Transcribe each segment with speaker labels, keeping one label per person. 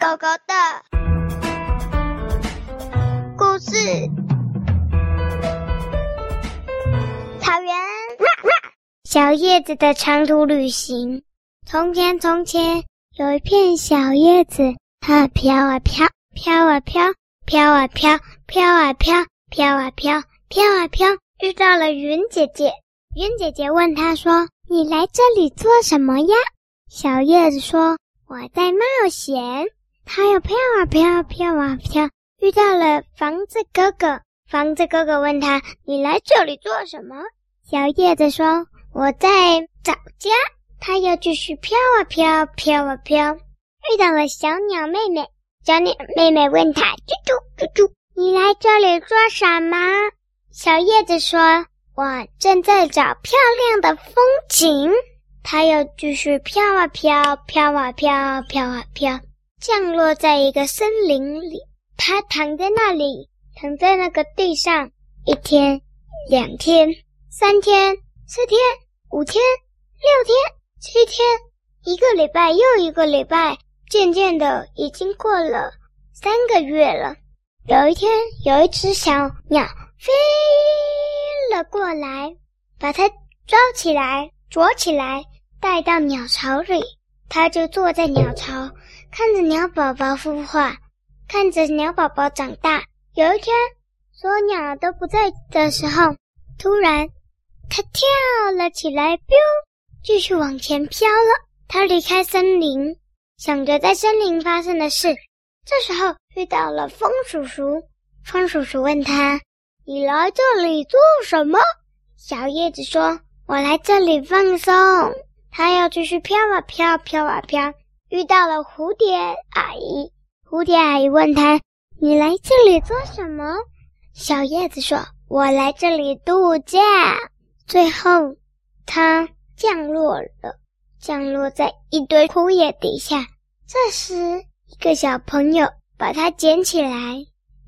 Speaker 1: 狗狗的故事。草原，小葉子的長途旅行。從前，從前有一片小葉子，它飄啊飄，飄啊飄，飄啊飄，飄啊飄，飄啊飄，飄啊飄，飄啊飄，飄啊飄，遇到了雲姐姐。雲姐姐問它說：“你來這裡做什麼呀？”小葉子說：“我在冒險。”他又飄啊飄，飄啊飄、啊，遇到了房子哥哥。房子哥哥問他：“你來這裡做什麼？”小葉子說：“我在找家。”他又繼續飄啊飄，飄啊飄，遇到了小鳥妹妹。小鳥妹妹問他：“啾啾啾啾，你來這裡做什麼？”小葉子說：“我正在找漂亮的風景。”他又繼續飄啊飄，飄啊飄、啊，飄啊飄。降落在一個森林裡，他躺在那裡，躺在那個地上。一天，兩天，三天，四天，五天，六天，七天，一個禮拜又一個禮拜，漸漸的已經過了三個月了。有一天，有一隻小鳥飛了過來，把它抓起來，捉起來，帶到鳥巢裡，它就坐在鳥巢。看着鳥寶寶孵化，看着鳥寶寶長大。有一天，所有鳥都不在的時候，突然，它跳了起來，biu，繼續往前飄了。它離開森林，想着在森林發生的事。這時候遇到了風叔叔，風叔叔問他：“你來這裡做什麼？”小葉子說：“我來這裡放鬆。”它要繼續飄啊飄，飄啊飄。遇到了蝴蝶阿姨。蝴蝶阿姨問他：“你來這裡做什麼？”小葉子說：“我來這裡度假。”最後，它降落了，降落在一堆枯葉底下。這時，一個小朋友把它撿起來，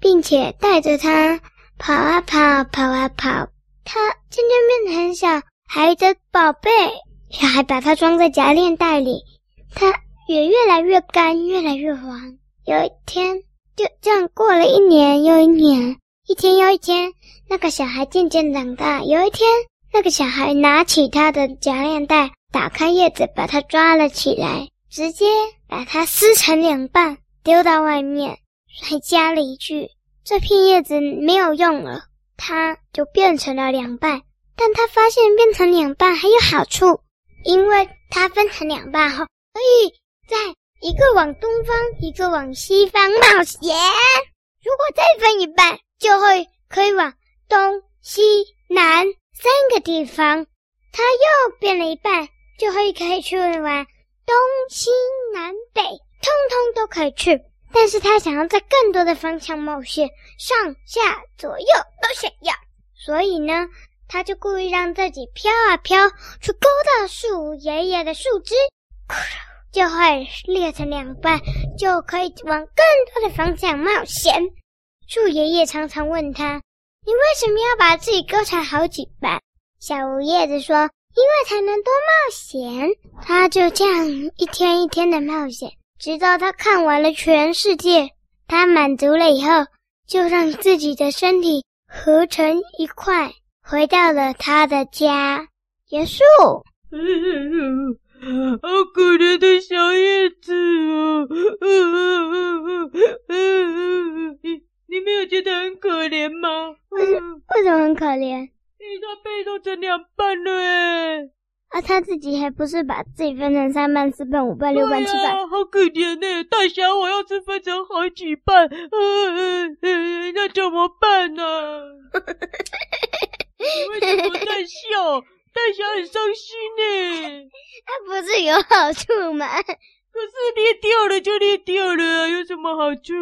Speaker 1: 並且帶着它跑啊跑啊跑啊跑，跑啊跑。它漸漸變得很小，還一的寶貝。小孩把它裝在夾鏈袋裡，他。也越來越乾，越來越黃。有一天，就這樣過了一年又一年，一天又一天。那個小孩漸漸長大。有一天，那個小孩拿起他的夾鏈袋，打開葉子，把它抓了起來，直接把它撕成兩半，丟到外面，還加了一句：“這片葉子沒有用了，它就變成了兩半。”但他發現變成兩半還有好處，因為它分成兩半後，所以。在一個往東方，一個往西方冒險。如果再分一半，就會可以往東西南三個地方。他又變了一半，就會可以去玩東西南北，通通都可以去。但是他想要在更多的方向冒險，上下左右都想要，所以呢，他就故意讓自己飄啊飄，去勾到樹爺爺的樹枝。就會裂成兩半，就可以往更多的方向冒險。樹爺爺常常問他：“你為什麼要把自己割成好幾半？”小葉子說：“因為才能多冒險。”他就這樣一天一天的冒險，直到他看完了全世界，他滿足了以後，就讓自己的身體合成一塊，回到了他的家。結束。
Speaker 2: 好可憐的小葉子哦、喔！你沒有覺得很可憐嗎？為什麼，為什麼很可
Speaker 1: 憐？因為
Speaker 2: 他被弄成兩半了、欸。啊，他
Speaker 1: 自己還不是把自己分成三半、四半、五半、六半、七半？
Speaker 2: 好可憐呢、欸！大俠，我要是分成好幾半，那怎麼辦呢、啊？你為什麼在笑？大俠很傷心呢、欸，它不是有好處嗎？可是裂掉了就裂掉了、啊，有什麼好處？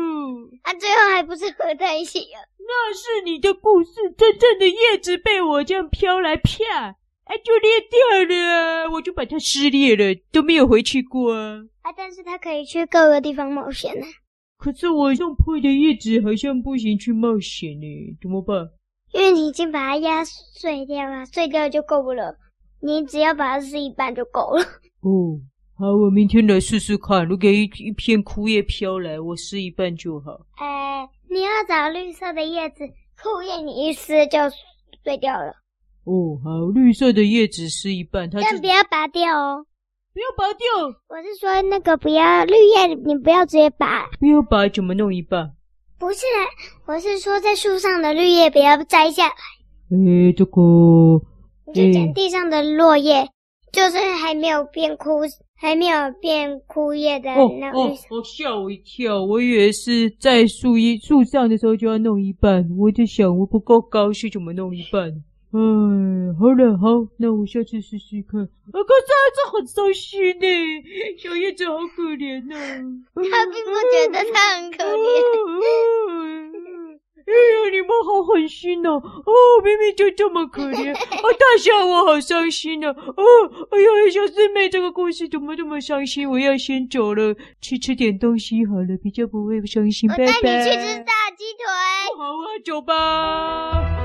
Speaker 2: 啊，最後還不是合在一起呀？那是你的故事，真正的葉子被我這樣飄來飄，哎、啊，就裂掉了、啊，我就把它撕裂了，都沒有回去過啊！
Speaker 1: 啊，但是它可以去各個地方冒
Speaker 2: 險呢、啊。可是我弄破的葉子好像不行去冒險呢、欸，怎麼辦？
Speaker 1: 因為你已經把它壓碎掉了，碎掉就夠不了。你只要把它撕
Speaker 2: 一半就夠了。哦，好，我明天來試試看。如果一一片枯葉飄來，我撕一半就好。
Speaker 1: 哎、欸，你要找綠色的葉子，枯葉你一撕就碎掉
Speaker 2: 了。哦，好，綠色的葉子撕一半，它就但不
Speaker 1: 要拔掉哦，不要拔掉。我是說
Speaker 2: 那個不要綠葉，你不要直接拔。不要拔怎麼弄一半？
Speaker 1: 不是，我是說在樹上的綠葉不要摘下
Speaker 2: 來。誒，這個，我就撿地
Speaker 1: 上的落葉，就是還沒有變枯、還沒有變枯葉的那個。哦，哦，
Speaker 2: 嚇我一跳，我以為是在樹、樹上的時候就要弄一半。我就想，我不夠高是怎麼弄一半？哎、嗯，好了，好，那我下次試試看。我、啊、可是還、啊、是很傷心呢，小葉子好可憐呢、啊。他並不覺得他很可憐、嗯嗯嗯嗯。哎呀，你們好狠心吶、啊！哦，明明就這麼可憐。哦、 啊，大象我好傷心呢、啊。哦、啊，哎呀，小獅妹，這個故事怎麼這麼傷心？我要先走了，去吃，吃點東西好了，比較不會傷心。拜拜。帶你去吃大雞
Speaker 1: 腿。好啊，走吧。